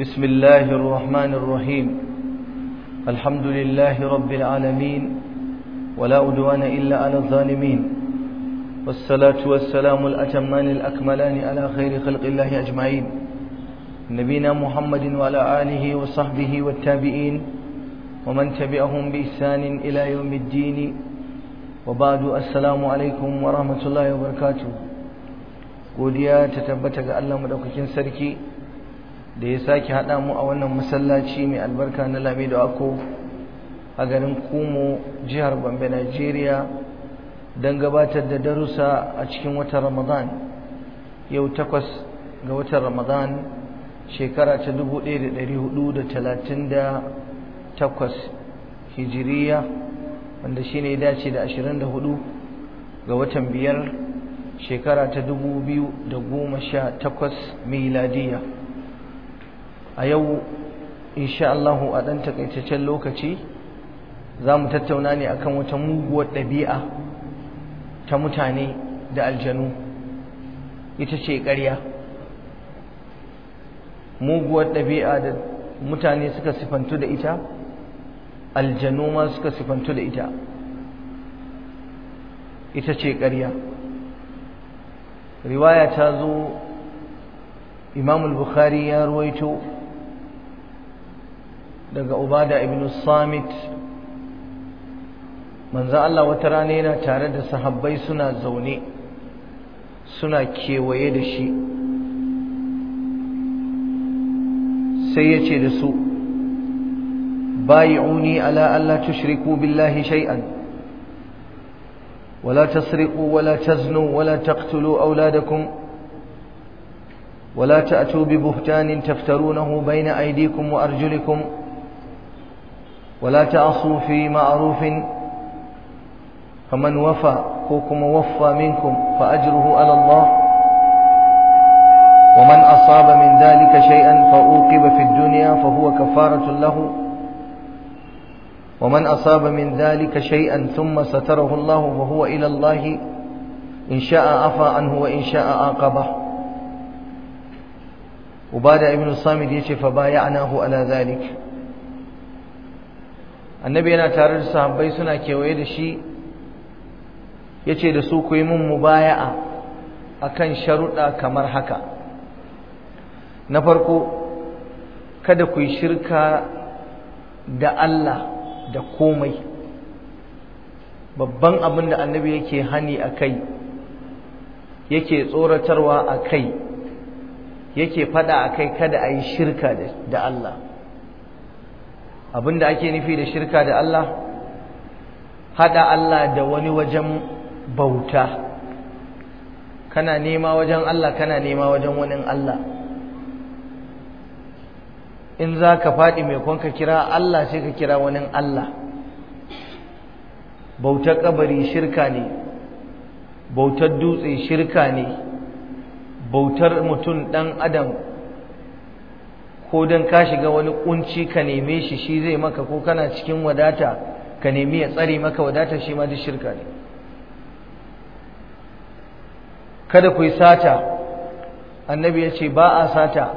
بسم الله الرحمن الرحيم الحمد لله رب العالمين ولا أدوان إلا على الظالمين والصلاة والسلام الأتمان الأكملان على خير خلق الله أجمعين نبينا محمد وعلى آله وصحبه والتابعين ومن تبعهم بإحسان إلى يوم الدين وبعد السلام عليكم ورحمة الله وبركاته godiya تتبتك tabbata ga Allah سركي da ya sake haɗa mu a wannan masallaci mai albarka na lami da ako a garin kumo jihar bambe nigeria don gabatar da darussa a cikin watan ramadan yau takwas ga watan ramadan shekara ta 1438 hijiriya wanda shine ya dace da 24 ga watan biyar shekara ta 2018 miladiya a yau inshaallahu, Allah a ɗan takaitaccen lokaci za mu tattauna ne akan wata muguwar ɗabi'a ta mutane da aljanu ita ce ƙarya muguwar ɗabi'a da mutane suka sifantu da ita aljanu ma suka sifantu da ita ita ce ƙarya riwaya ta zo imamul bukhari ya ruwaito daga ubada ibn samit manzo Allah wata rana yana tare da sahabbai suna zaune suna kewaye da shi sai ya ce da su bayi'uni ala Allah tushriku billahi shay'an ولا تسرقوا ولا تزنوا ولا تقتلوا أولادكم ولا تأتوا ببهتان baina بين أيديكم وأرجلكم ولا تعصوا في معروف فمن وفى كوكم وفى منكم فأجره على الله ومن أصاب من ذلك شيئا فأوقب في الدنيا فهو كفارة له ومن أصاب من ذلك شيئا ثم ستره الله وهو إلى الله إن شاء عفى عنه وإن شاء عاقبه وبعد ابن الصامد يشف بايعناه على ذلك annabi yana tare da sahabbai suna kewaye da shi Ya ce da su ku yi mun mubaya'a kan sharuɗa kamar haka na farko kada ku yi shirka da Allah da komai babban abin da annabi yake hani a kai yake tsoratarwa a kai yake fada a kai kada a yi shirka da Allah abinda ake nufi da shirka da Allah hada Allah da wani wajen bauta kana nema wajen Allah kana nema wajen wani Allah in za ka faɗi mai ka kira Allah sai ka kira wani Allah bautar kabari shirka ne bautar dutse shirka ne bautar mutum ɗan adam ko don ka shiga wani kunci ka neme shi shi zai maka ko kana cikin wadata ka nemi ya tsare maka wadata shi ma duk shirka ne kada ku yi sata annabi ya ce ba a sata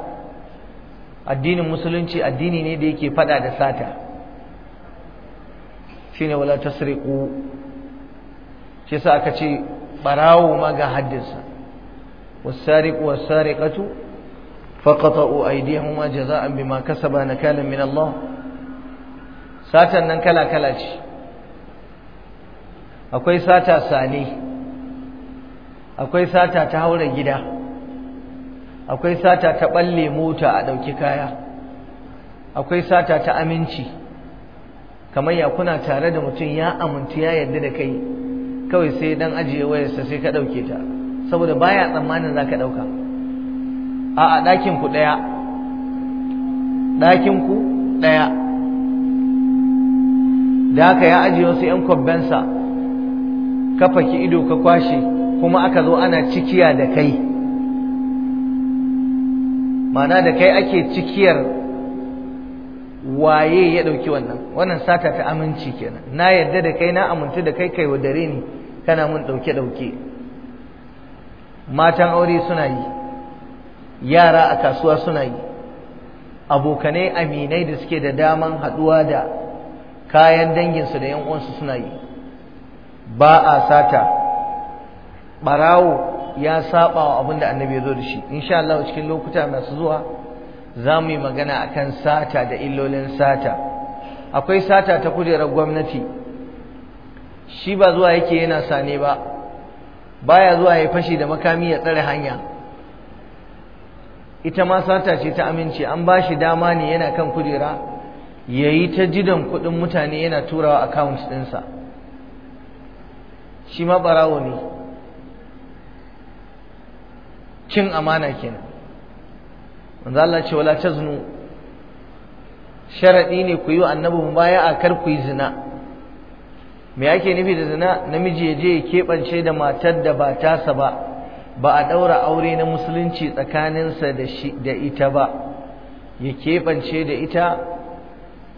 addinin musulunci addini ne da yake fada da sata ne wala tasriqu shi yasa aka ce barawo ma ga haddinsa wasariqu wasariqatu faqata'u aydihuma jaza'an bima kasaba nakalan min Allah satan nan kala kala ce akwai sata sane akwai sata ta haura gida akwai sata ta balle mota a dauki kaya akwai sata ta aminci kamar ya kuna tare da mutum ya aminta ya yarda da kai kawai sai dan ajiye wayarsa sai ka dauke ta saboda baya tsammanin zaka dauka a a ɗakin ɗaya ɗakin ku ɗaya da haka ya ajiye wasu ‘yan kwabbensa ka faki ido ka kwashe kuma aka zo ana cikiya da kai mana da kai ake cikiyar waye ya ɗauki wannan wannan sata ta aminci kenan na yadda da kai na amintu da kai kai wa dare ni kana mun ɗauke-ɗauke matan aure suna yi yara a kasuwa suna yi abokanai aminai da suke da daman haɗuwa da kayan danginsu da yan uwansu suna yi ba a sata ɓarawo ya saba wa abin annabi ya zo da shi insha Allah cikin lokuta masu zuwa za mu yi magana akan sata da illolin sata akwai sata ta kujerar gwamnati shi ba zuwa yake yana sane ba baya zuwa ya fashi da makami ya tsare hanya ita ma sata ce ta aminci an ba shi dama ne yana kan kujera ya yi ta jidan kuɗin mutane yana turawa account ɗinsa shi ma ɓarawo ne cin amana kenan manzo Allah ce wala taznu Sharaɗi ne ku yi baya a kar ku yi zina me ake nufi da zina namiji ya je ya keɓance da matar da ba tasa ba ba a ɗaura aure na musulunci tsakaninsa da ita ba ya keɓance da ita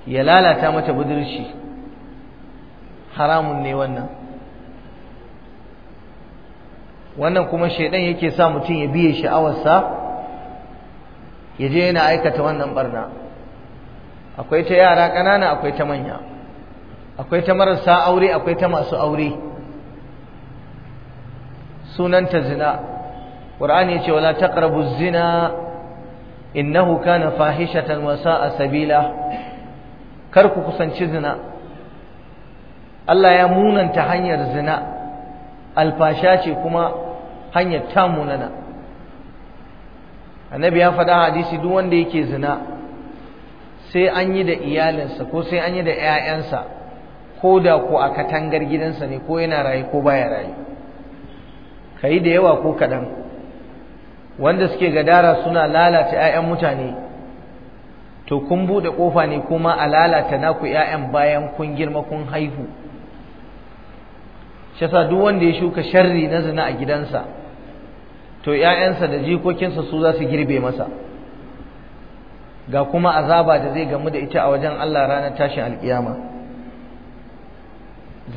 ya lalata mata budurci haramun ne wannan wannan kuma shaidan yake sa mutum ya biye sha'awarsa ya je yana aikata wannan barna akwai ta yara ƙanana akwai ta manya akwai ta marasa aure akwai ta masu aure sunanta zina qur'ani yace wala taqrabu zina innahu kana fahishatan wa sa'a sabila kar ku kusanci zina Allah ya munanta hanyar zina alfasha ce kuma hanyar ta munana annabi ya faɗa hadisi duk wanda yake zina sai an yi da iyalinsa ko sai an yi da 'ya'yansa ko da ko a katangar gidansa ne ko yana rayu ko baya rayu ka yi da yawa ko kaɗan wanda suke gadara suna lalata 'ya'yan mutane to kun buɗe ƙofa ne kuma a lalata naku 'ya'yan bayan kun girma kun haihu shi duk wanda ya shuka sharri na zina a gidansa to 'ya'yansa da jikokinsa su za su girbe masa ga kuma azaba da zai gamu da ita a wajen Allah ranar tashin alƙiyama.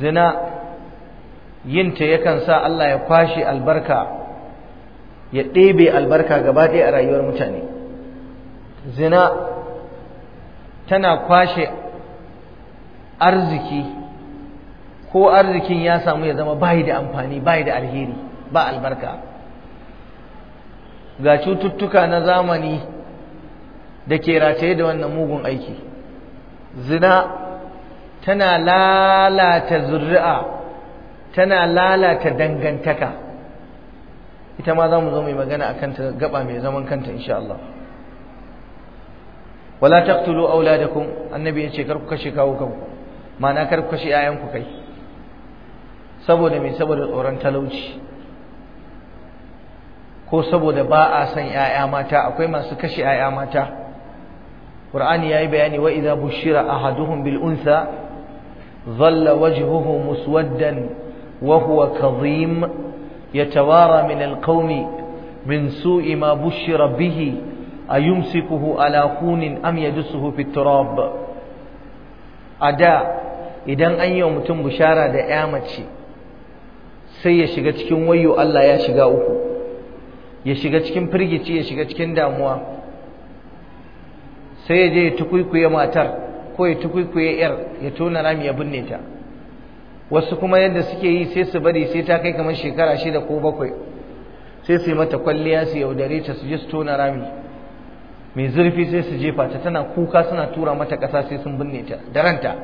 zina Yinta yakan sa Allah ya kwashe albarka ya ɗebe albarka gaba ɗaya a rayuwar mutane zina tana kwashe arziki ko arzikin ya samu ya zama bayi da amfani bayi da alheri ba albarka ga cututtuka na zamani da ke rataye da wannan mugun aiki zina tana lalata zuri'a tana lalata dangantaka ita ma za mu zo mai magana a kanta gaba mai zaman kanta insha Allah wala taqtulu auladakum annabi ya ce kar ku kashe kawo kanku ma'ana kar ku kashe yayanku kai saboda me saboda tsoron talauci ko saboda ba a son ‘ya'ya mata akwai masu kashe ‘ya'ya mata ƙur'ani ya yi bayani wa iza bushira ahaduhum bil unsa zalla wajhuhu muswaddan وهو كظيم يتوارى من القوم من سوء ما بشر به أيمسكه على خون أم يدسه في التراب أداء idan an yi wa mutum bushara da ya mace sai ya shiga cikin wayo Allah ya shiga uku ya shiga cikin firgici ya shiga cikin damuwa sai ya je ya tukuikuye matar ko ya tukuikuye yar ya tona rami ya binne ta wasu kuma yadda suke yi sai su bari sai ta kai kamar shekara shida ko bakwai sai su yi mata kwalliya su yaudare ta su je su tona rami mai zurfi sai su jefa ta tana kuka suna tura mata ƙasa sai sun binne ta da ranta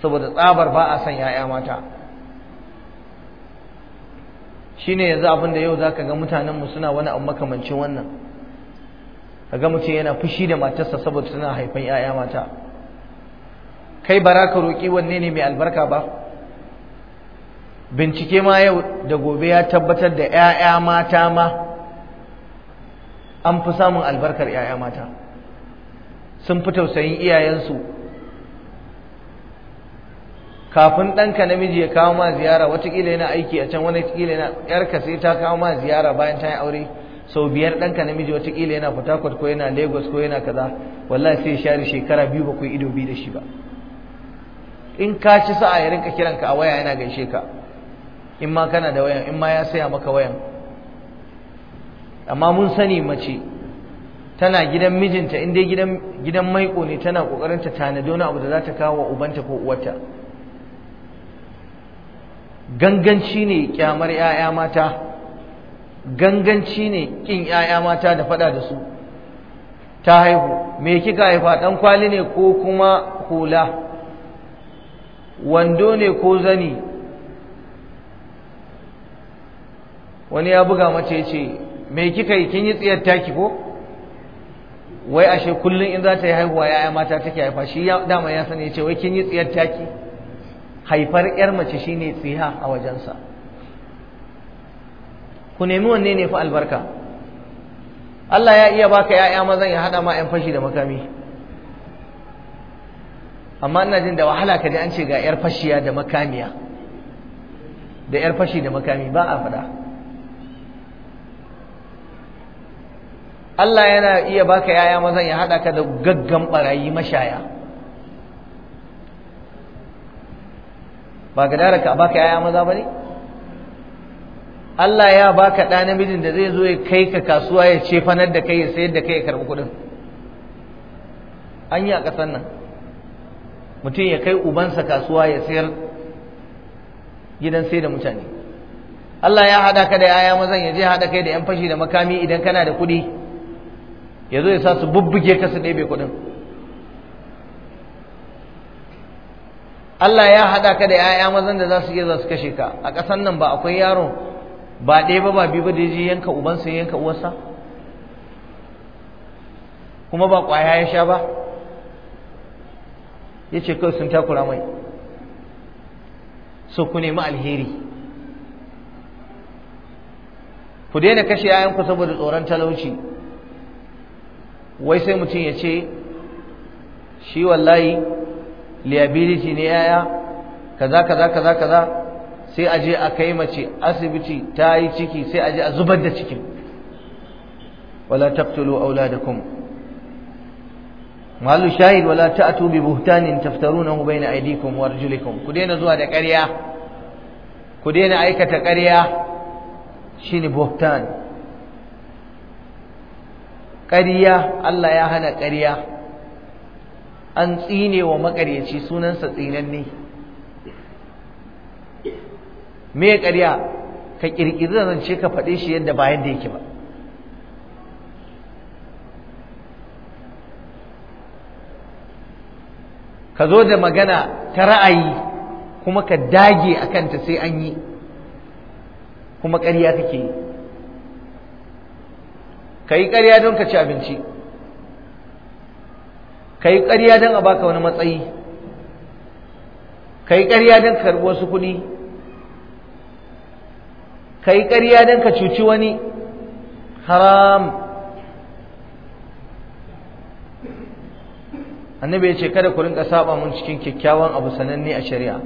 saboda tsabar ba a son 'ya'ya mata shine yanzu abin da yau ka ga mutanenmu suna wani abu makamancin wannan ka ga mutum yana fushi da matarsa saboda tana haifan 'ya'ya mata kai bara ka roƙi wanne ne mai albarka ba bincike ma yau da gobe ya tabbatar da 'ya'ya mata ma an fi samun albarkar 'ya'ya mata sun fi tausayin iyayensu kafin ɗanka namiji ya kawo ma ziyara watakila yana aiki a can wani watakila yana ƴarka sai ta kawo ma ziyara bayan ta yi aure sau biyar ɗanka namiji watakila yana fatakwat ko yana lagos ko yana kaza wallahi sai share shekara biyu bakwai ido biyu da shi ba in ka ci sa'a ya rinka kiranka a waya yana gaishe ka in ma kana da wayan in ma ya saya maka wayan amma mun sani mace tana gidan mijinta in dai gidan gidan maiko ne tana kokarin ta tanadi wani abu da za ta kawo ubanta ko uwarta ganganci ne kyamar yaya mata ganganci ne kin yaya mata da faɗa da su ta haihu me kika haifa ɗan kwali ne ko kuma hula wando ne ko zani wani ya buga mace ce me kika yi kin yi tsiyar taki ko wai ashe kullum in za ta yi haihuwa ya'ya mata take haifa shi ya dama ya sani ce wai kin yi tsiyar taki haifar yar mace shine tsiha a wajensa ku nemi wanne ne fa albarka Allah ya iya baka ya'ya mazan ya hada ma 'yan fashi da makami amma ina jin da wahala ka ji an ce ga yar fashiya da makamiya da yar fashi da makami ba a faɗa Allah yana iya baka yaya mazan ya haɗa ka da gaggan ɓarayi mashaya ba ga dara ka baka yaya maza ba ne Allah ya baka ɗa namijin da zai zo ya kai ka kasuwa ya ce fanar da kai ya sayar da kai ya karɓi kuɗin an yi a ƙasar nan mutum ya kai ubansa kasuwa ya sayar gidan sai da mutane Allah ya haɗa ka da yaya mazan ya je haɗa kai da 'yan fashi da makami idan kana da kuɗi ya zo ya sa su bubbuge ka su ɗebe kuɗin Allah ya haɗa ka da yaya mazan da za su iya za su kashe ka a ƙasan nan ba akwai yaron ba ɗaya ba ba ba da ya je yanka ubansa yanka uwarsa kuma ba ƙwaya ya sha ba ya ce kawai sun takura mai so ku nemi alheri ku daina kashe yayanku saboda tsoron talauci wai sai mutum ya ce shi wallahi liability ne yaya kaza kaza kaza kaza sai aje a kai mace asibiti ta yi ciki sai aje a zubar da cikin wala taqtulu auladakum malu shahid wala ta'tu bi buhtanin taftarunahu bayna aydikum wa arjulikum ku daina zuwa da ƙarya ku daina aikata ƙarya shine buhtan ƙarya Allah ya hana ƙarya an tsine wa maƙaryaci sunansa tsinanne me ƙarya ka zan ce ka faɗe shi yadda ba yadda yake ba ka zo da magana ta ra'ayi kuma ka dage a kanta sai an yi kuma ƙarya ke yi ka yi ƙarya don ka ci abinci ka yi ƙarya don a baka wani matsayi ka yi ƙarya don karɓi wasu kuɗi ka yi ƙarya don ka cuci wani haram annabi ya ce kada ku rinka saba mun cikin kyakkyawan abu sananne a shari'a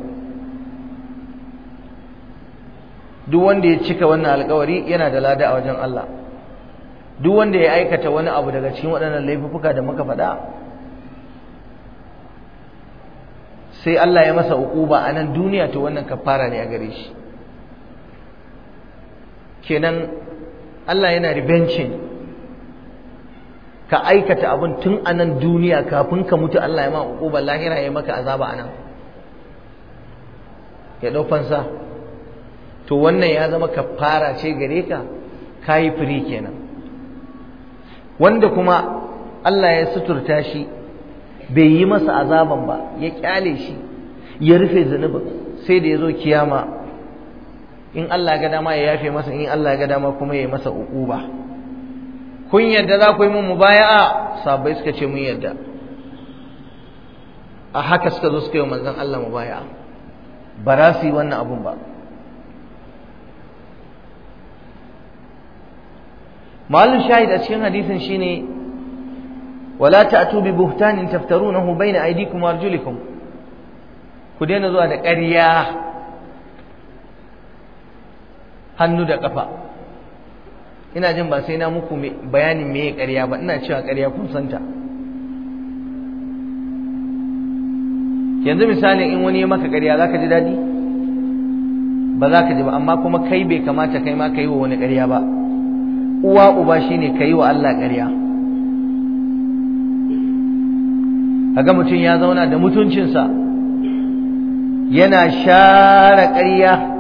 duk wanda ya cika wannan alkawari yana da lada a wajen Allah duk wanda ya aikata wani abu daga cikin waɗannan laifuka da muka faɗa sai Allah ya masa uquba a nan duniya to wannan kafara ne a gare shi kenan Allah yana ribencin ka aikata abin tun a nan duniya kafin ka mutu Allah ya ma ƙubar lahira ya maka azaba nan. ya ɗaufansa to wannan ya zama ka fara ce gare ka ka yi firi kenan wanda kuma Allah ya suturta shi bai yi masa azaban ba ya kyale shi ya rufe zunubin sai da ya zo kiyama in Allah ga dama ya yafe masa in Allah ga dama kuma ya yi masa uquba kun yarda za ku yi mun mubaya'a sahabbai suka ce mun yarda a haka suka zo suka yi manzon Allah mubaya'a ba za su yi wannan abun ba ma'alin shahid a cikin hadisin shine wala ta'tu taftaru na taftarunahu baina aydikum wa arjulikum ku daina zuwa da ƙarya hannu da ƙafa ina jin ba sai na muku bayanin me ƙarya ba ina cewa ƙarya kun santa yanzu misali in wani ya maka ƙarya za ka ji daɗi ba za ka ji ba amma kuma kai bai kamata kai ma ka yi wa wani ƙarya ba uwa uba shine ka yi wa Allah ƙarya kaga mutum ya zauna da mutuncinsa yana share ƙarya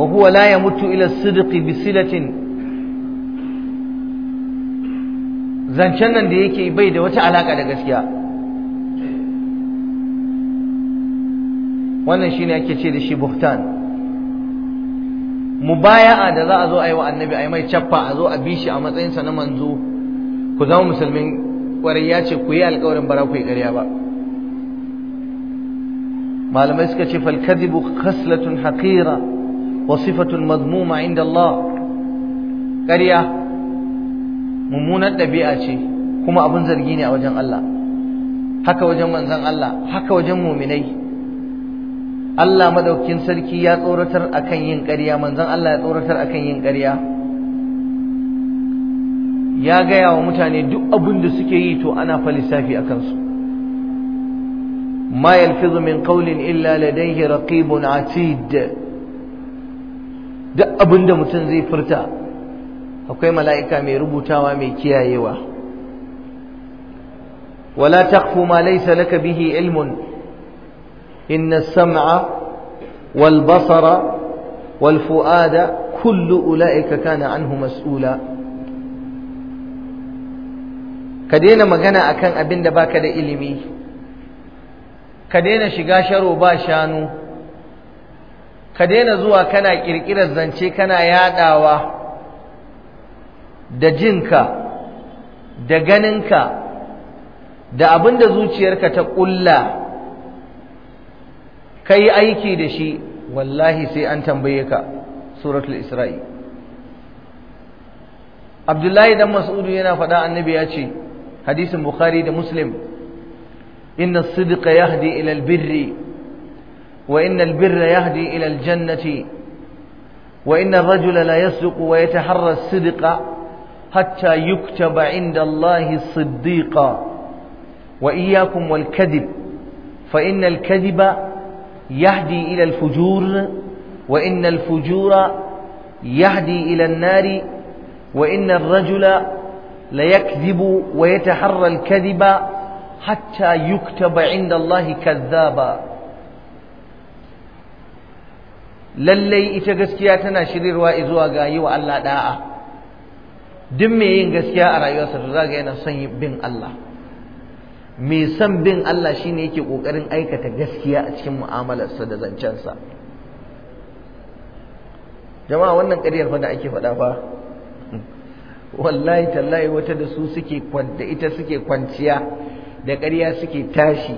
wa huwa ya mutu ila sidqi bi zancen nan da yake bai da wata alaka da gaskiya wannan shine ake ce da shi buhtan mubaya'a da za a zo a yi wa annabi a yi mai cappa a zo a bi shi a matsayin sa na manzo ku zama musulmin kwarai ya ce ku yi alkawarin bara ku yi ƙarya ba malamai suka ce fal falkadibu khaslatun hakira. Wasifatun mazmuma madmuma inda Allah ƙarya mummunar ɗabi'a ce kuma abin zargi ne a wajen Allah haka wajen manzon Allah haka wajen muminai Allah madaukin sarki ya tsoratar akan yin ƙarya manzan Allah ya tsoratar akan yin ƙarya ya gaya wa mutane duk abin da suke yi to ana fa lissafi a kansu ma yalfizu min qawlin illa ladayhi raqibun atid duk abin da mutum zai furta akwai mala'ika mai rubutawa mai kiyayewa wala taqfu ma laysa laka bihi ilmun inna as-sam'a wal basara wal fu'ada kullu ula'ika kana anhu mas'ula ka daina magana akan abin da baka da ilimi ka daina shiga sharo ba shanu ka daina zuwa kana ƙirƙirar zance kana yaɗawa da jinka da ganinka da abin da zuciyarka ta ƙulla kai aiki da shi wallahi sai an tambaye ka suratul isra'i abdullahi dan mas'udu yana faɗa annabi ya ce hadisin bukhari da muslim inna as-sidqa yahdi ila birri وإن البر يهدي إلى الجنة وإن الرجل لا يصدق ويتحرى الصدق حتى يكتب عند الله صديقا وإياكم والكذب فإن الكذب يهدي إلى الفجور وإن الفجور يهدي إلى النار وإن الرجل ليكذب ويتحرى الكذب حتى يكتب عند الله كذابا lallai ita gaskiya tana shirirwa zuwa ga yi wa Allah da'a duk mai yin gaskiya a rayuwarsa to za ga yana son bin Allah mai son bin Allah shi ne yake kokarin aikata gaskiya a cikin mu'amalarsa da zancensa jama'a wannan ƙaryar fa da ake faɗa fa wallahi tallahi wata da su suke kwanta ita suke kwanciya da ƙarya suke tashi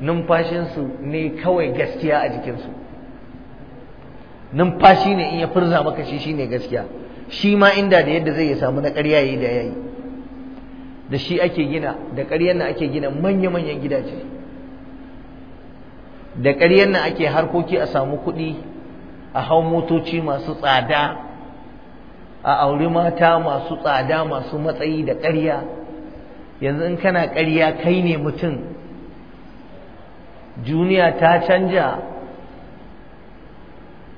numfashinsu ne kawai gaskiya a jikinsu numfashi ne in ya furza maka shi shine gaskiya shi ma inda da yadda zai ya samu na ƙarya yayi da yayi da shi ake gina da ƙaryar nan ake gina manya-manyan gidaje da ƙaryar nan ake harkoki a samu kuɗi a hau motoci masu tsada a auri mata masu tsada masu matsayi da ƙarya yanzu in kana ƙarya kai ne mutum duniya ta canja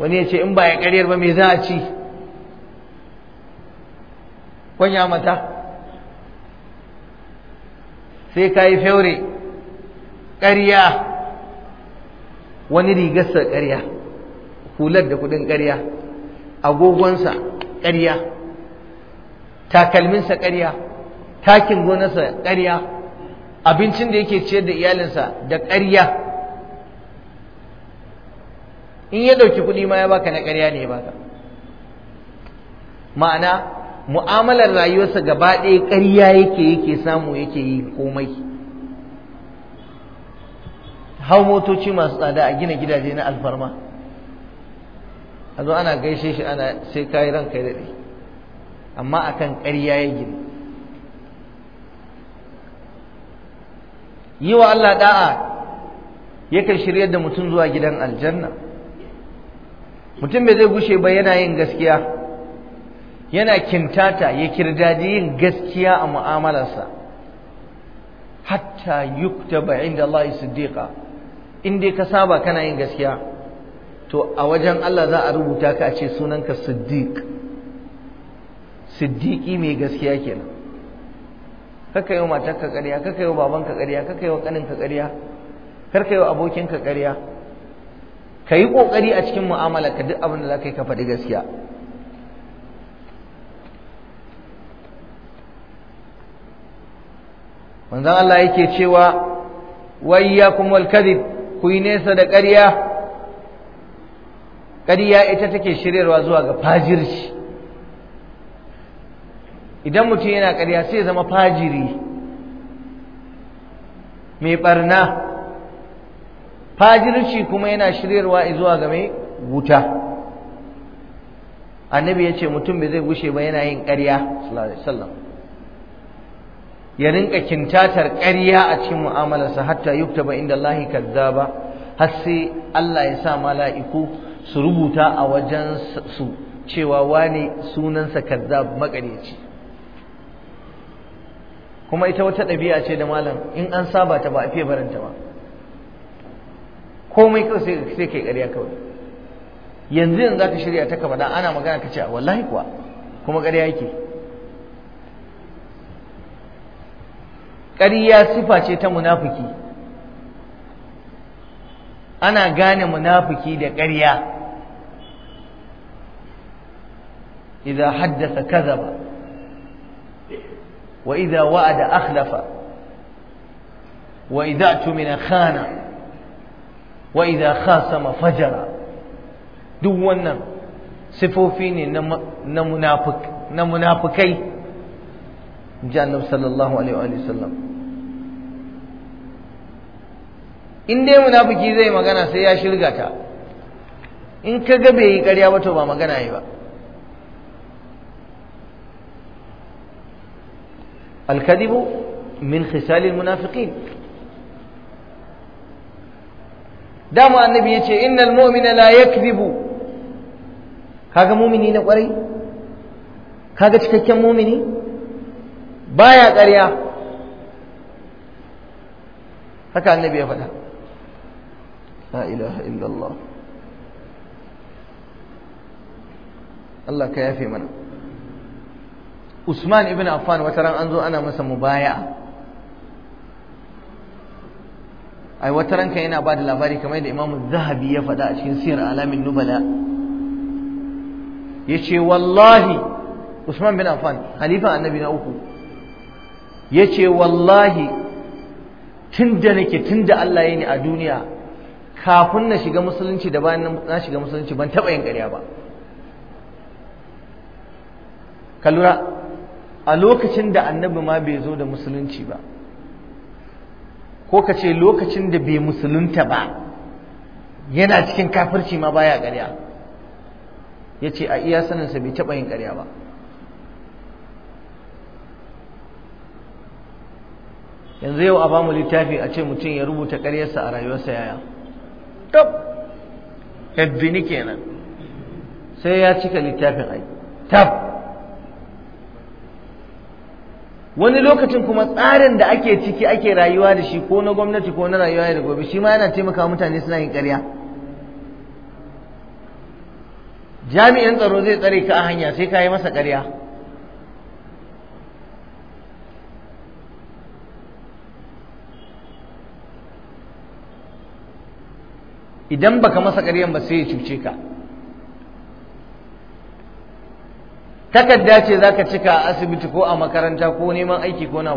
wani ya ce in ba ya karyar ba mai za a ci kwanya mata sai ka yi fyaure ƙarya wani rigarsa ƙarya hular da kudin ƙarya agogonsa ƙarya takalminsa ƙarya takin gonarsa ƙarya abincin da yake ciyar da iyalinsa da ƙarya in ya ɗauki kuɗi ma ya baka na ƙarya ne ya baka ma'ana mu'amalar rayuwarsa gaba ɗaya ƙarya yake yake samu yake yi komai hau motoci masu tsada a gina gidaje na alfarma a zo ana gaishe shi ana sai kayi ranka daɗe amma akan ƙarya ya gina yi wa Allah da'a yakan shirya da mutum zuwa gidan aljanna mutum bai zai gushe ba yana yin gaskiya yana kintata ya kirdaji yin gaskiya a mu'amalarsa hatta yuktaba inda Allah siddiqa in dai ka saba kana yin gaskiya to a wajen Allah za a rubuta ka a ce sunanka siddiq siddiqi mai gaskiya kenan kaka yi wa matarka ƙarya kaka yi wa babanka ƙarya kaka yi wa ƙaninka ƙarya karka yi wa abokinka ƙarya ka yi ƙoƙari a cikin mu'amala ka duk abin da za ka yi ka faɗi gaskiya Wanzan Allah yake cewa wayya kuma alkadib ku yi nesa da ƙarya ƙarya ita take shiryarwa zuwa ga fajirci idan mutum yana ƙarya sai ya zama fajiri mai ɓarna fajirci kuma yana shiryarwa zuwa game, wuta annabi ya ce mutum bai zai gushe ba yana yin ƙarya ya rinka kintatar karya a cikin mu'amalarsa hatta yukta ba inda Allah ba, har sai Allah ya sa mala'iku su rubuta a wajen su cewa wane sunansa kazzab makareci kuma ita wata ɗabi'a ce da malam in an saba ta ba a fiye baranta ba komai kawai sai kai ƙarya kawai yanzu yanzu zaka shirya ta kafa ana magana ka ce wallahi kuwa kuma ƙarya yake ƙarya sifa ce ta munafiki ana gane munafuki da ƙarya idan haddasa kazaba wa idan wa'ada akhlafa wa idan tumina khana wa idza khasama fajara duk wannan sifofi ne na munafik na munafikai ji annabi sallallahu alaihi wa sallam in dai munafiki zai magana sai ya shirga ta in ka ga bai yi ƙarya ba to ba magana yi ba الكذب من خصال المنافقين dama annabi yace innal mu'mina la yakdhibu kaga mumini na kwarai kaga cikakken mumini baya ƙarya haka annabi ya faɗa la ilaha illallah Allah ka yafe mana Usman ibn Affan wata ran an zo ana masa mubaya'a ai wata ranka yana ba da labari kamar yadda imamu zahabi ya faɗa a cikin siyar alamin nubala ya ce wallahi usman bin affan halifa annabi na uku ya ce wallahi tun da nake tun da allah ya ni a duniya kafin na shiga musulunci da bayan na shiga musulunci ban taɓa yin ƙarya ba ka a lokacin da annabi ma bai zo da musulunci ba ko ka ce lokacin da bai musulunta ba yana cikin kafirci ma baya ƙarya ya ce a iya saninsa bai taɓa yin ƙarya ba yanzu yau a bamu littafi a ce mutum ya rubuta ƙaryarsa a rayuwarsa yaya tab ebbini kenan sai ya cika littafin ai tab wani lokacin kuma tsarin da ake ciki ake rayuwa da shi ko na gwamnati ko na rayuwa da gobe shi ma yana taimaka mutane suna yin ƙarya jami'in tsaro zai tsare ka a hanya sai ka yi masa ƙarya idan baka masa ƙaryan ba sai ya cuce ka takarda ce za ka cika a asibiti ko a makaranta ko neman aiki ko na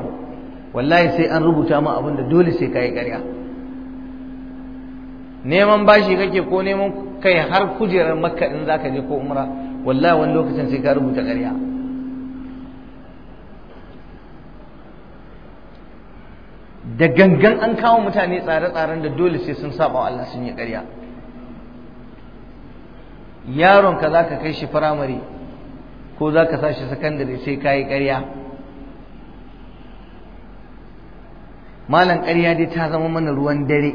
wallahi sai an rubuta ma abin da dole sai ka yi karya neman bashi kake ko neman kai har kujerar makka in ka je ko umra wallahi wani lokacin sai ka rubuta karya. da gangan an kawo mutane tsare-tsaren da dole sai sun saba wa Allah sun yi karya yaron ka ka kai shi firamare ko za ka sashi sakandare sai ka yi ƙarya malam ƙarya dai ta zama mana ruwan dare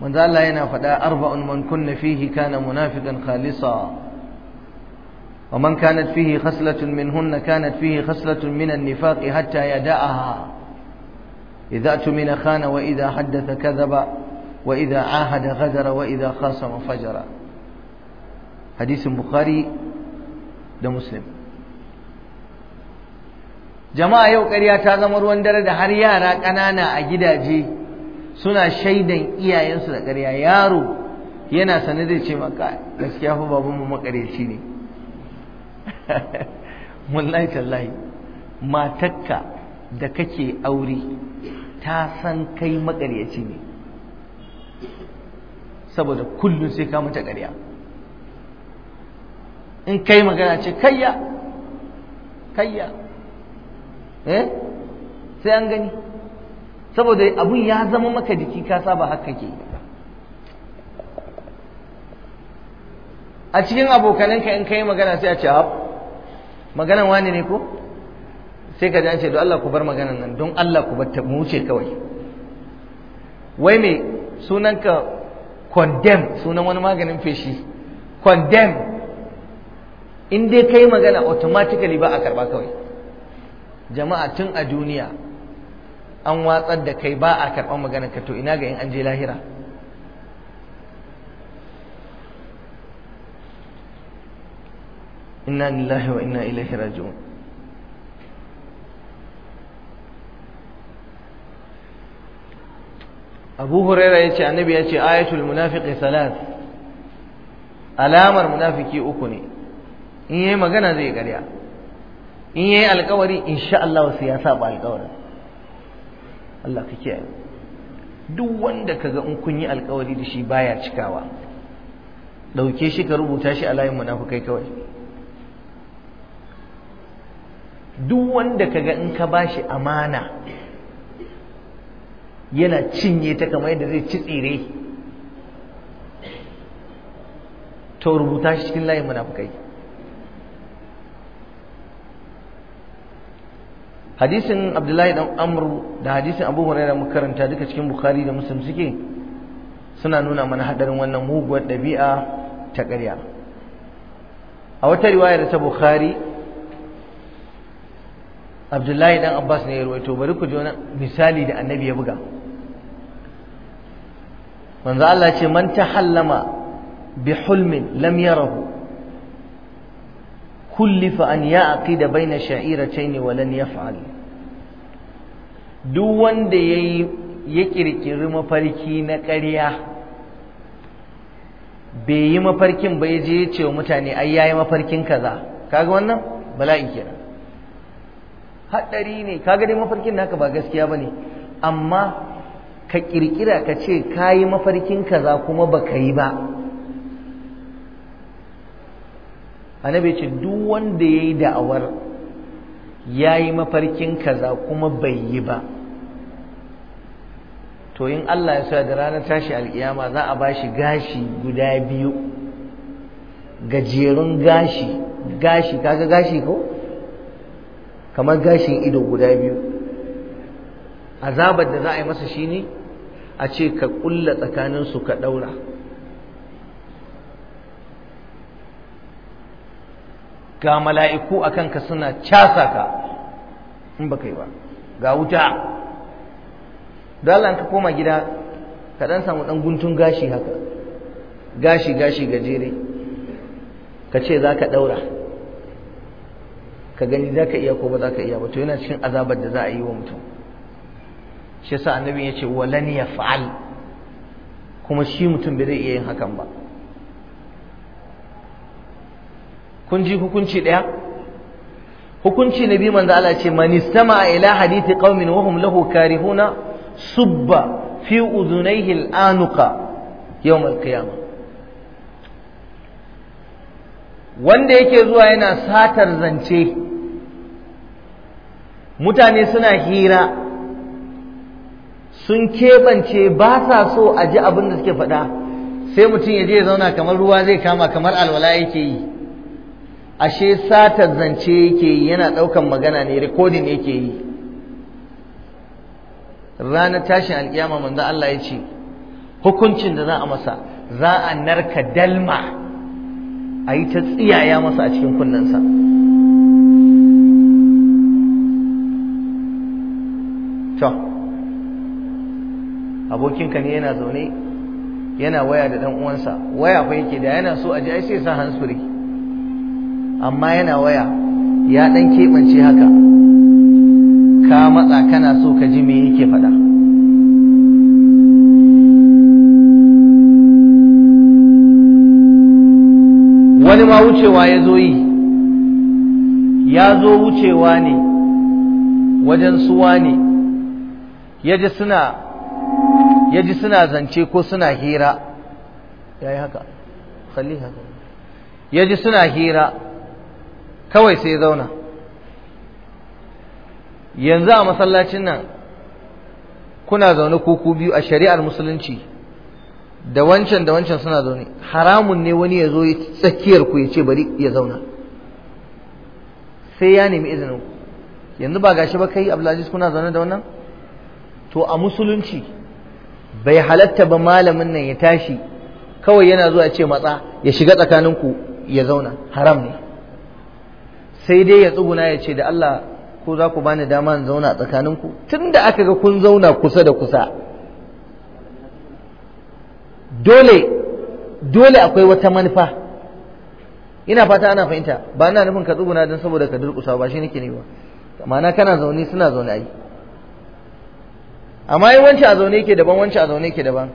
manzo Allah yana faɗa arba'un man kunna fihi kana munafiqan khalisa ومن كانت فيه خصلة منهن كانت فيه خصلة من النفاق حتى يدعها إذا أتمن خان وإذا حدث كذب وإذا عاهد غدر وإذا خاصم fajara, حديث البخاري da muslim jama'a yau ƙarya ta zama ruwan dare da har yara ƙanana a gidaje suna shaidan iyayensu da ƙarya yaro yana sane da ce maka gaskiya fa babanmu makareci ne wallahi tallahi matakka da kake aure ta san kai makareci ne saboda kullum sai ka mata ƙarya in kai magana ce kayya kayya eh sai an gani saboda abun ya zama maka jiki ka saba haka ke a cikin abokananka in kai magana sai a ce hap maganan wani ne ko sai ka ce don Allah ku bar maganan nan don Allah ku bar ta mu wuce kawai wai me sunanka condemn sunan wani maganin feshi condemn in dai kai magana automatically ba a karba kawai jama'a tun a duniya an watsar da kai ba a karɓar maganar ka to ina ga in an je lahira inna lillahi wa inna ilaihi raji'un abu huraira ya ce annabi ya ce ayatul munafiqi salat alamar munafiki uku ne in yayi magana zai karya in yayi alkawari insha Allah sai ya saba alkawarin Allah ka kiyaye duk wanda kaga in kun yi alkawari da shi baya cikawa dauke shi ka rubuta shi a layin munafikai kawai duk wanda kaga in ka bashi amana yana cinye ta kamar yadda zai ci tsire to rubuta shi cikin layin munafukai hadisin abdullahi dan amru da hadisin abu hurairah makaranta karanta duka cikin bukhari da muslim suke suna nuna mana hadarin wannan muguwar ɗabi'a ta ƙarya a wata riwayar ta bukhari abdullahi dan abbas ne ya ruwaito bari ku ji wani misali da annabi ya buga manzo Allah ce man tahallama bi hulmin lam yarahu kullifa an ya'qida bayna sha'iratayn wa lan yaf'al duk wanda yayi ya kirkiri mafarki na ƙarya bai yi mafarkin ba ya je ya ce wa mutane ai yayi mafarkin kaza kaga wannan bala'i kenan haɗari ne kaga dai mafarkin naka ba gaskiya bane amma ka ƙirƙira ka ce ka yi mafarkin kaza kuma ba ka yi ba annabi ce duk wanda ya yi da'awar ya yi mafarkin kaza kuma bai yi ba to in Allah ya sa da ranar tashi alkiyama za a bashi gashi guda biyu gajerun gashi gashi kaga gashi ko kamar gashin ido guda biyu azabar da za a yi masa shi shine a ce ka kulla tsakaninsu ka daura ga mala'iku a kanka suna casa ka in ba yi ba ga wuta dalan ka koma gida ka dan samu dan guntun gashi haka gashi gashi gajere ka ce za ka daura ka gani za ka iya ko ba za ka iya ba to yana cikin azabar da za a yi wa mutum shi yasa annabi ya ce walan fa'al kuma shi mutum bai zai iya yin hakan ba kun ji hukunci daya hukunci na biyu manzo Allah ce man istama ila hadithi qaumin wa hum lahu karihuna subba fi udhunayhi al-anuqa yawm al-qiyamah wanda yake zuwa yana satar zance mutane suna hira sun keɓance ba sa so a ji abin da suke faɗa sai mutum ya je zauna kamar ruwa zai kama kamar alwala yake yi ashe satar zance yake yi yana ɗaukan magana ne rikodin yake yi ranar tashin alƙiyama manzo Allah ya ce hukuncin da za a masa za a narka dalma a yi ta tsiyaya masa a cikin kunnensa to abokinka ne yana zaune yana waya da dan uwansa waya fa yake da yana so a ji ai sai sa hansuri amma yana waya ya ɗan keɓance haka ka matsa kana so ka ji me yake faɗa wani ma wucewa ya zo yi ya zo wucewa ne wajen suwa ne ya ji suna ya ji suna zance ko suna hira ya yi haka kalli haka ya ji suna hira kawai sai ya zauna yanzu a masallacin nan kuna zaune ku biyu a shari'ar musulunci da wancan da wancan suna zaune haramun ne wani ya zo tsakiyar ku ya ce bari ya zauna sai ya nemi izinin ku yanzu ba gashi ba kai abdulaziz kuna zaune da wannan to a musulunci bai halatta ba malamin nan ya tashi kawai yana zuwa ce matsa ya shiga tsakaninku ya zauna haram ne sai dai ya tsuguna ya ce da Allah ko za ku bani dama in zauna a tsakaninku tunda aka ga kun zauna kusa da kusa dole dole akwai wata manufa ina fata ana fahimta ba ina nufin ka tsuguna don saboda ka durkusa ba shi nake ne ba ma'ana kana zaune suna zaune ai amma yi wancan a zaune yake daban wancan a zaune yake daban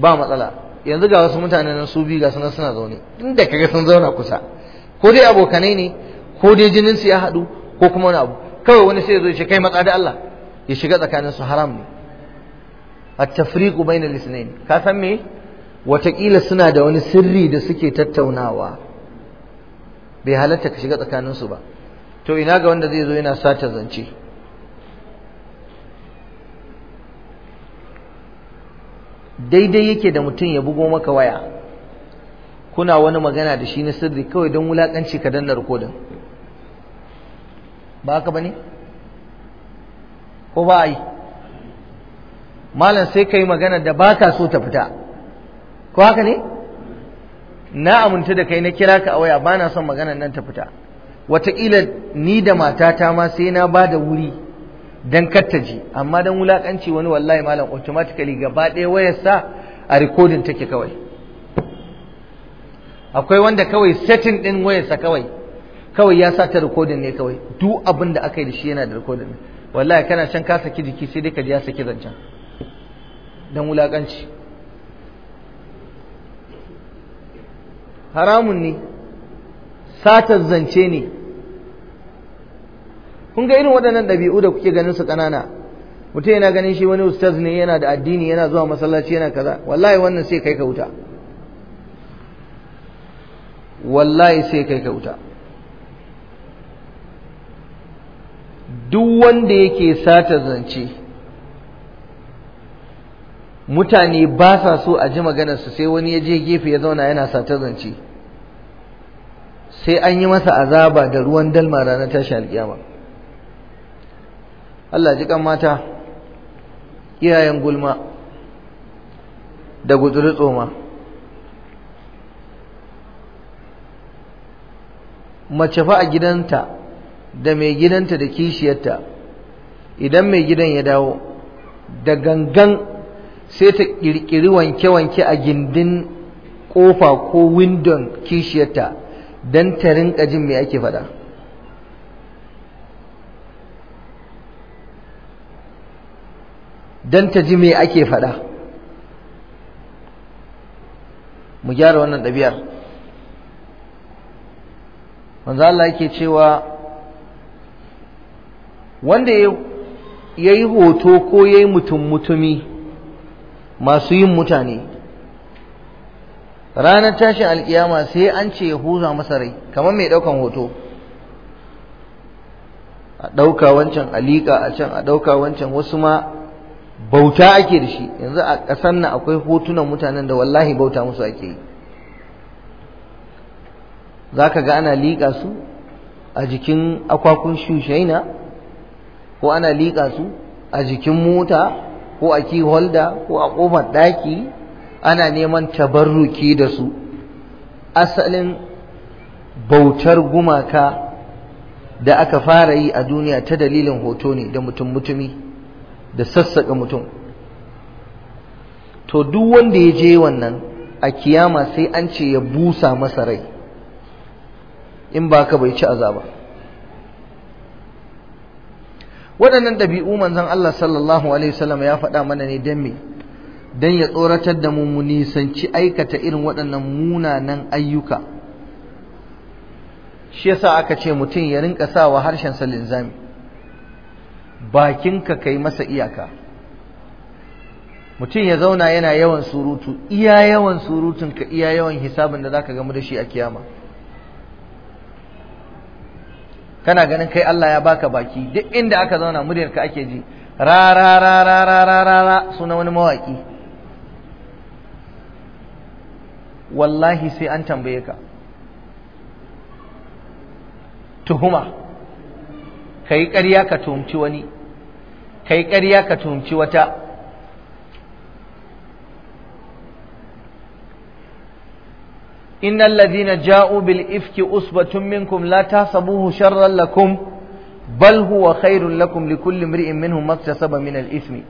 ba matsala yanzu ga wasu mutane nan su biyu ga sunan suna zaune inda kaga sun zauna kusa ko dai abokanai ne ko dai jinin su ya haɗu ko kuma wani abu kawai wani sai ya zo ya ce kai matsa da Allah ya shiga tsakanin su haram ne at-tafriqu bainal isnayn ka san me watakila suna da wani sirri da suke tattaunawa bai halatta ka shiga tsakanin su ba to ina ga wanda zai zo yana sace zance daidai yake da mutum ya bugo maka waya kuna wani magana da shi na sirri kawai don wulakanci ka danna rikodin ba haka ba ne ko ba a yi malam sai ka yi magana da ba ka so ta fita ko haka ne na aminta da kai na kira ka a waya ba na son magana nan ta fita wataƙila ni da matata ma sai na ba da wuri dan kattaji amma dan wulakanci wani wallahi malam automatically gaba ɗaya wayarsa a recording take kawai akwai wanda kawai setting ɗin wayarsa kawai kawai ya sa ta recording ne kawai duk abin da aka yi da shi yana da recording wallahi kana can ka saki jiki sai dai ka ji ya saki zancen dan wulakanci haramun ne satar zance ne kun ga irin waɗannan ɗabi'u da kuke ganin su ƙanana mutum yana ganin shi wani ustaz ne yana da addini yana zuwa masallaci yana kaza wallahi wannan sai kai ka wuta wallahi sai kai ka wuta duk wanda yake sata zance mutane ba sa so a ji maganarsu sai wani ya je gefe ya zauna yana sata zance sai an yi masa azaba da ruwan dalma ranar tashi alkiyama Allah ji kan mata iyayen gulma da gutsuri tsoma mace fa a gidanta da mai gidanta da kishiyarta idan mai gidan ya dawo da gangan sai ta ƙirƙiri wanke-wanke a gindin ƙofa ko windon kishiyarta don ta rinƙa jin me ake faɗa don ta ji me ake faɗa mu gyara wannan ɗabi'ar manzo Allah yake cewa wanda ya yi hoto ko ya yi mutum mutumi masu yin mutane ranar tashin alkiyama sai an ce ya huza masa rai kamar mai ɗaukan hoto a ɗauka wancan a a can a ɗauka wancan wasu ma bauta ake da shi yanzu a ƙasar nan akwai hotunan mutanen da wallahi bauta musu ake yi za ka ga ana liƙa su a jikin akwakun shushaina ko ana liƙa su a jikin mota ko a key holder ko a ƙofar ɗaki ana neman tabarruki da su asalin bautar gumaka da aka fara yi a duniya ta dalilin hoto ne da mutum mutumi da sassaƙa mutum to duk wanda ya je wannan a kiyama sai an ce ya busa masa rai in ba ka bai ci azaba waɗannan ɗabi'u manzon Allah sallallahu alaihi wasallam ya faɗa mana ne don me don ya tsoratar da mu mu nisanci aikata irin waɗannan munanan ayyuka shi yasa aka ce mutum ya rinka sawa harshen sa linzami Bakin ka kai masa iyaka mutum ya zauna yana yawan surutu iya yawan surutunka iya yawan hisabin da zaka gamu da shi a kiyama kana ganin kai Allah ya baka baki duk inda aka zauna muryarka ake ji ra ra ra ra ra ra suna wani mawaki wallahi sai an tambaye ka tuhuma kai ƙarya ka tuhumci wani kai ƙarya ka tuhumci wata innal ladhina ja'u bil ifki usbatun minkum la tahsabuhu sharran lakum bal huwa khairun lakum likulli imri'in minhum maktasaba min al ismi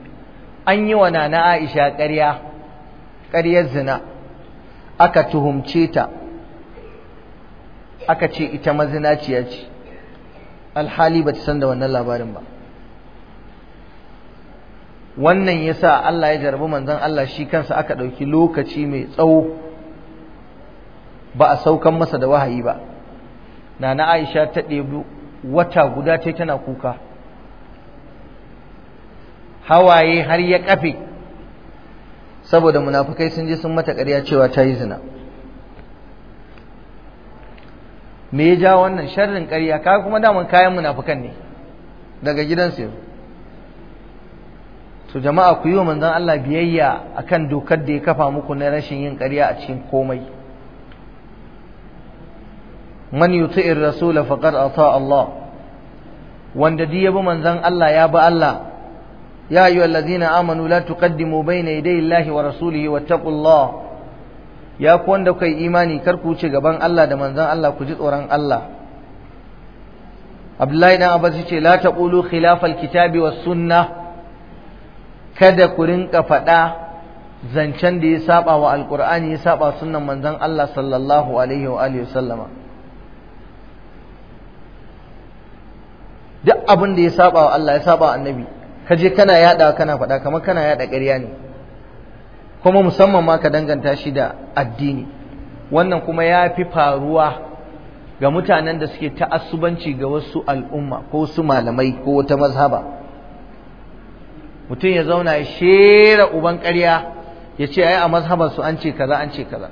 an yi wa nana Aisha ƙarya ƙaryar zina aka tuhumce ta aka ce ita mazinaciya ce alhali ba ta san da wannan labarin ba wannan yasa Allah ya jarabi manzon Allah shi kansa aka ɗauki lokaci mai tsawo ba a saukan masa da wahayi ba nana Aisha ta ɗebi wata guda ta tana kuka hawaye har ya kafe saboda munafukai sun je sun mata ƙarya cewa ta yi zina me ya ja wannan sharrin ƙarya ka kuma daman kayan munafukan ne daga gidansu to jama'a ku yi wa manzon Allah biyayya akan dokar da ya kafa muku na rashin yin ƙarya a cikin komai man yuti'ir rasula faqad ata Allah wanda duk yabi manzon Allah ya bi Allah ya ayyuhallazina amanu la tuqaddimu bayna yadayi Allahi wa rasulihi wattaqullah ya ku wanda kai imani kar ku wuce gaban Allah da manzon Allah ku ji tsoron Allah Abdullahi dan Abbas ce la taqulu khilafal kitabi was sunnah kada ku rinka faɗa zancen da ya saba wa alqur'ani ya saba sunnan manzon Allah sallallahu alaihi wa alihi wasallama duk abin da ya saba wa Allah ya saba wa annabi kaje kana yada kana faɗa kamar kana yada ƙarya ne kuma musamman ma ka danganta shi da addini wannan kuma ya fi faruwa ga mutanen da suke ta'assubanci ga wasu al'umma ko su malamai ko wata mazhaba mutum ya zauna ya shera uban ƙarya ya ce ai a mazhabarsu an ce kaza an ce kaza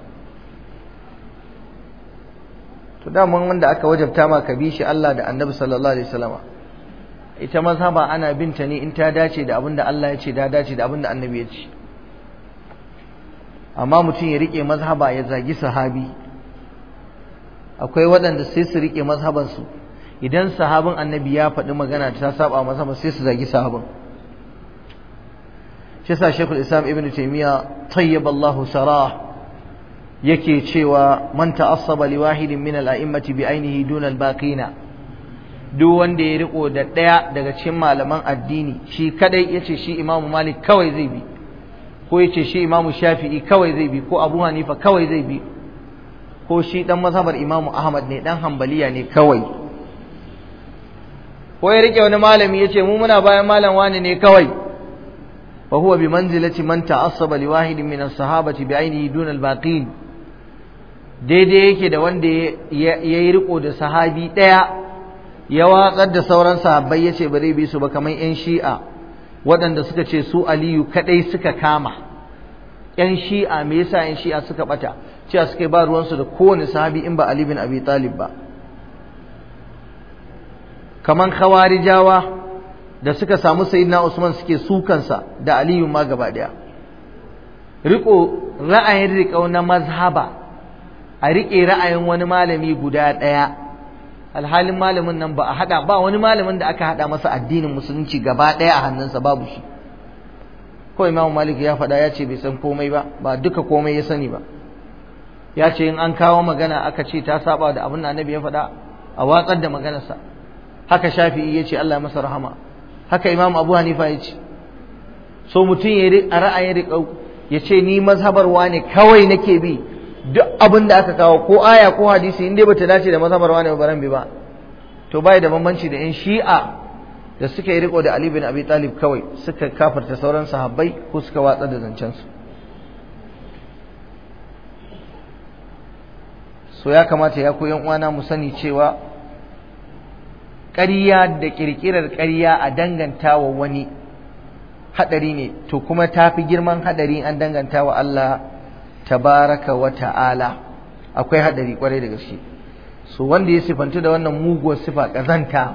to daman wanda aka wajabta ma ka bi shi Allah da Annabi sallallahu alaihi wasallama ita mazhaba ana binta ne in ta dace da da Allah ya ce da dace da da Annabi ya ce amma mutum ya rike mazhaba ya zagi sahabi akwai waɗanda sai su rike mazhabansu idan sahabin annabi ya faɗi magana ta saba mazhaba sai su zagi sahabin shi sa shekul islam ibn taimiyya tayyaba allahu sara yake cewa man ta'assaba li wahidin min al-a'immati bi ainihi duna al-baqina duk wanda ya riko da ɗaya daga cikin malaman addini shi kadai yace shi imamu malik kawai zai bi ko ya ce shi imamu shafi'i kawai zai bi ko abu hanifa kawai zai bi ko shi dan mazhabar imamu ahmad ne dan hambaliya ne kawai ko ya rike wani malami ya ce mu muna bayan malam wani ne kawai fa huwa bi manzilati man ta'assaba li wahidin min as-sahabati bi ainihi dun al-baqin daidai yake da wanda ya yi riko da sahabi daya ya watsar da sauran sahabbai ya ce ba bi su ba kamar yan shi'a waɗanda suka ce su aliyu kaɗai suka kama yan shi'a me yasa yan shi'a suka ɓata? cewa suka ba ruwansu da kowane sahabi in ba ali bin abi talib ba kaman jawa da suka samu sayyidina usman suke sukansa da aliyu ma gaba daya riko ra'ayin riƙau na mazhaba a riƙe ra'ayin wani malami guda ɗaya alhalin malamin nan ba a hada ba wani malamin da aka hada masa addinin musulunci gaba daya a hannunsa babu shi ko imamu malik ya fada ya ce bai san komai ba ba duka komai ya sani ba ya ce in an kawo magana aka ce ta saba da abin annabi ya faɗa a watsar da maganarsa haka shafi'i ya ce Allah masa rahama haka imam abu hanifa ya ce so mutum ya ra'ayin riƙau ya ce ni mazhabar ne kawai nake bi duk abin da aka kawo ko aya ko hadisi inda ba ta dace da mazhabar wani baran bi ba to bai da bambanci da yan shi'a da suka yi riko da Ali bin Abi Talib kawai suka kafarta sauran sahabbai ko suka watsa da zancen su so ya kamata ya ku yan uwana mu sani cewa ƙarya da ƙirƙirar ƙarya a danganta wa wani hadari ne to kuma tafi girman hadari an danganta wa Allah tabaraka wa ta'ala akwai hadari kwarai da gaske so wanda ya sifantu da wannan muguwar sifa kazanta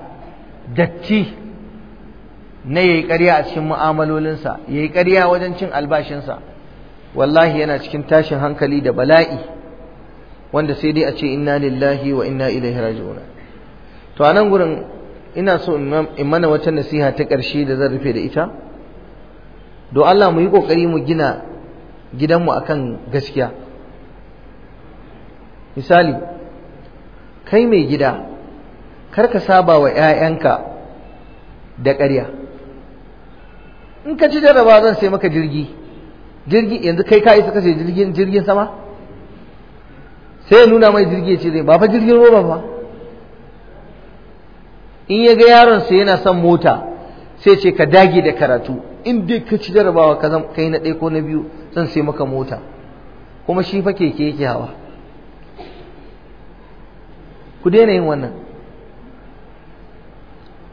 datti na yayi ƙarya a cikin mu'amalolinsa yayi ƙarya wajen cin albashinsa wallahi yana cikin tashin hankali da bala'i wanda sai dai a ce inna lillahi wa inna ilaihi raji'un to a gurin ina so in mana wata nasiha ta ƙarshe da zan rufe da ita do Allah mu yi ƙoƙari mu gina gidanmu a kan gaskiya misali kai mai gida kar ka saba wa 'ya'yanka da ƙarya in ka ci jarraba zan sai maka jirgi jirgi yanzu kai ka isa kashe jirgin jirgin sama sai ya nuna mai jirgi ya ce zai bafa jirgin roba ba in ya ga yaron yana son mota sai ce ka dage da karatu in dai ka ci jarabawa ka zama kai na ɗaya ko na biyu zan sai maka mota kuma shi fa keke yake hawa ku daina yin wannan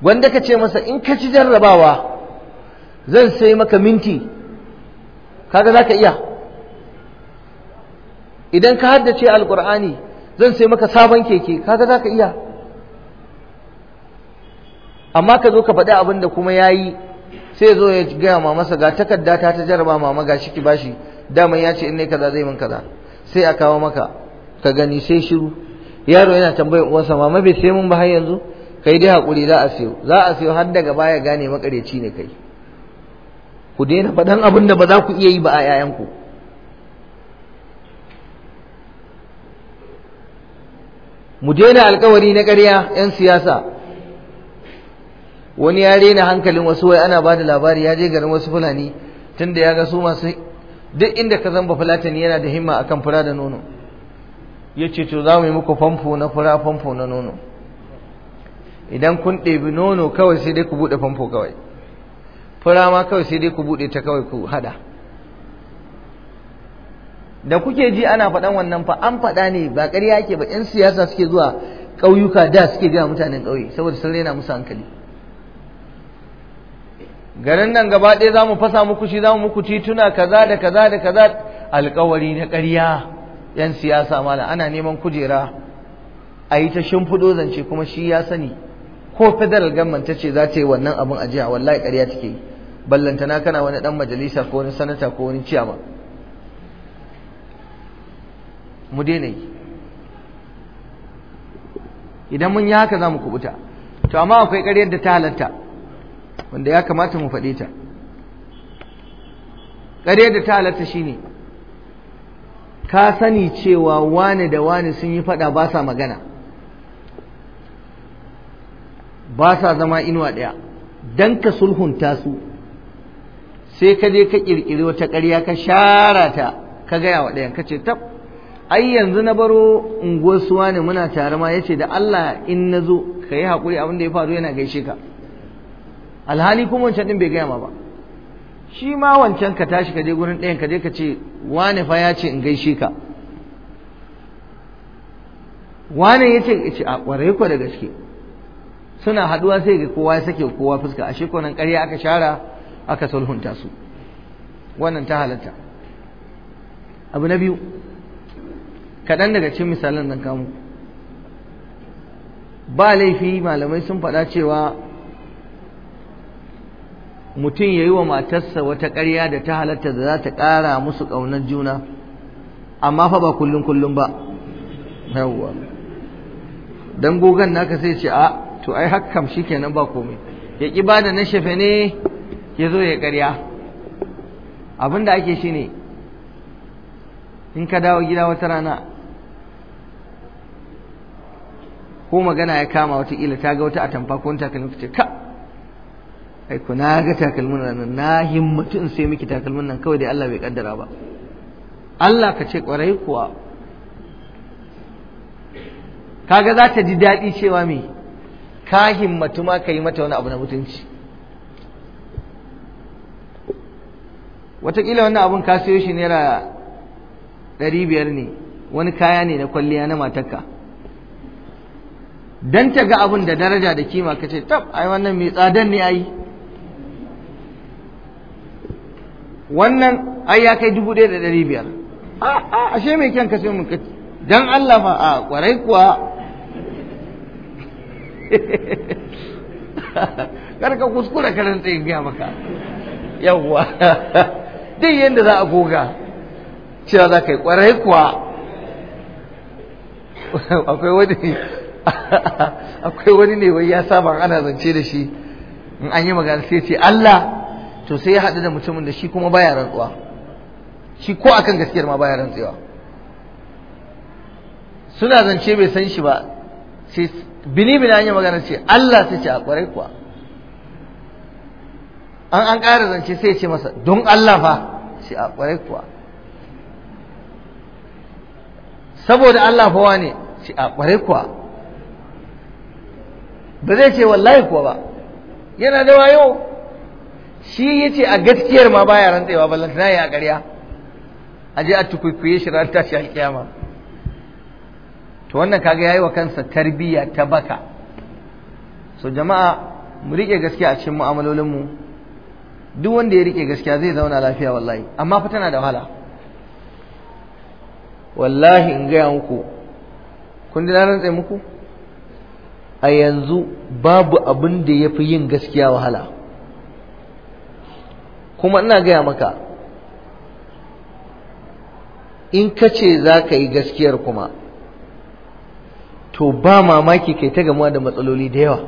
wanda ka ce masa in ka ci jarrabawa zan sai maka minti kaga za iya idan ka haddace alkur'ani zan sai maka sabon keke kaga za iya amma ka zo ka faɗi abin da kuma yayi sai zo ya gaya mama masa ga takarda ta ta jaraba mama ga shi ki bashi dama ya ce in ne kaza zai min kaza sai a kawo maka ka gani sai shiru yaro yana tambayar uwansa mama bai sai mun ba har yanzu kai dai hakuri za a sayo za a sayo har daga baya gane makareci ne kai ku daina faɗan abin da ba za ku iya yi ba a 'ya'yanku mu daina alkawari na ƙarya 'yan siyasa wani ya rena hankalin wasu wai ana bada labari ya je garin wasu fulani tunda ya ga su masu duk inda ka zamba fulatani yana da himma akan fura da nono ya ce to za mu yi muku famfo na fura famfo na nono idan kun ɗebi nono kawai sai dai ku buɗe famfo kawai fura ma kawai sai dai ku buɗe ta kawai ku haɗa da kuke ji ana faɗan wannan fa an faɗa ne ba ƙarya ke ba 'yan siyasa suke zuwa ƙauyuka da suke gaya mutanen ƙauye saboda sun rena musu hankali garin nan gaba ɗaya za mu fasa muku shi za mu muku tituna kaza da kaza da kaza alkawari na ƙarya yan siyasa mala ana neman kujera a yi ta shimfiɗo zance kuma shi ya sani ko federal government ta ce za ta yi wannan abin a jiha wallahi ƙarya take yi ballantana kana wani ɗan majalisa ko wani sanata ko wani ciyama mu daina yi idan mun yi haka za mu kubuta to amma akwai ƙaryar da ta halatta wanda ya kamata mu faɗe ta ƙarya da ta halatta ne. ka sani cewa wane da wane sun yi faɗa ba sa magana ba sa zama inuwa ɗaya don ka sulhunta su sai ka je ka ƙirƙiri wata ƙarya ka shara ta ka gaya wa ɗayan ka ce tab ai yanzu na baro unguwar suwa ne muna tare ma Ya ce da Allah in na zo ka yi haƙuri abin da ya faru yana gaishe ka alhali kuma wancan din bai gaya ma ba shi ma wancan ka tashi ka je gurin ɗayan ka je ka ce wane fa ya ce in gaishe ka wane ya ce ce a ƙwarai kwa da gaske suna haɗuwa sai ga kowa ya sake kowa fuska a nan ƙarya aka shara aka sulhunta su wannan ta halatta abu na biyu kaɗan daga cikin misalan nan kamu ba laifi malamai sun faɗa cewa mutum ya yi wa matarsa wata ƙarya da ta halatta da za ta ƙara musu ƙaunar juna amma fa ba kullum kullum ba yawwa dan gogan naka sai ce a to ai hakkam shikenan ba komai ya ki bada na shafe ne ya zo ya ƙarya abin da ake shi ne in ka dawo gida wata rana ko magana ya kama wata ila ta ga wata atamfa ko ta kan ce ka ai ku na ga takalmin nan na himmatu in sai miki takalmin nan kawai dai Allah bai kaddara ba Allah ka ce kwarai kuwa kaga za ta ji daɗi cewa me ka himmatu ma ka yi mata wani abu na mutunci watakila wannan abun ka sayo shi naira ɗari biyar ne wani kaya ne na kwalliya na matarka dan ta ga abun da daraja da kima ka ce tab ai wannan mai tsadan ne ai wannan ai ya kai dubu ɗaya da ɗari biyar ashe mai kyan kashe mun kaci dan Allah ma a kwarai kuwa kar ka kuskura karan tsayin gaya maka yawwa duk yadda za a goga cewa za ka yi kwarai kuwa akwai wani akwai wani ne wai ya saba ana zance da shi in an yi magana sai ce Allah to sai ya haɗu da mutumin da shi kuma baya rantsuwa shi ko akan gaskiyar ma baya rantsuwa suna zance bai san shi ba sai bini bini an yi magana ce Allah sai ce a kwarai kuwa an an ƙara zance sai ce masa don Allah fa sai a kwarai kuwa saboda Allah fa ne sai a kwarai kuwa ba zai ce wallahi kuwa ba yana da wayo shi ya ce a gaskiyar ma baya rantsewa ballan tana yi a ƙarya a je a tukuikuye shi ran tashi alƙiyama to wannan kaga ya yi wa kansa tarbiyya ta baka so jama'a mu rike gaskiya a cikin mu'amalolinmu duk wanda ya rike gaskiya zai zauna lafiya wallahi amma fa tana da wahala wallahi in gaya muku kun ji na rantse muku a yanzu babu abin da ya fi yin gaskiya wahala kuma ina gaya maka in ka ce za ka yi gaskiyar kuma to ba mamaki kai ta gamuwa da matsaloli da yawa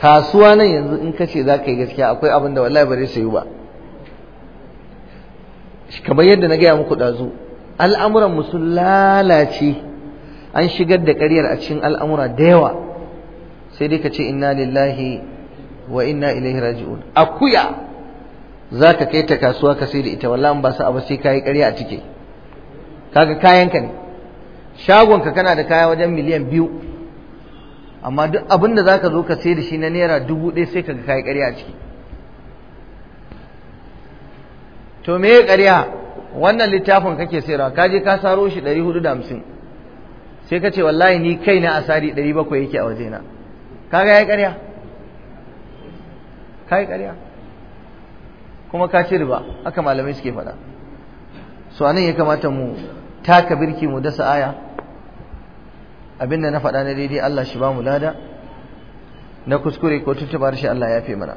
kasuwa nan yanzu in ka ce za ka yi gaskiya akwai abin da wallahi ba zai sayu ba kamar yadda na gaya muku ɗazu al'amuranmu sun lalace an shigar da ƙaryar a cikin al'amura da yawa sai dai ka ce inna lillahi wa inna ilaihi raji'un akuya zaka kai ta kasuwa ka sai da ita wallahi ba sa abu sai kai ƙarya a cike kaga ka ne shagon ka kana da kaya wajen miliyan biyu amma duk abin da zaka zo ka sai da shi na naira dubu ɗaya sai kaga kai ƙarya a ciki to me ƙarya wannan littafin kake sayarwa ka je ka saro shi ɗari hudu da hamsin sai ka ce wallahi ni kai na asari ɗari bakwai yake a wajena kaga ya ƙarya kai ƙarya kuma ka ci riba haka malamai suke faɗa so anan ya kamata mu taka birki mu dasa aya abinda na faɗa na daidai Allah shi ba mu lada na kuskure ko tuntubar shi Allah ya fi mana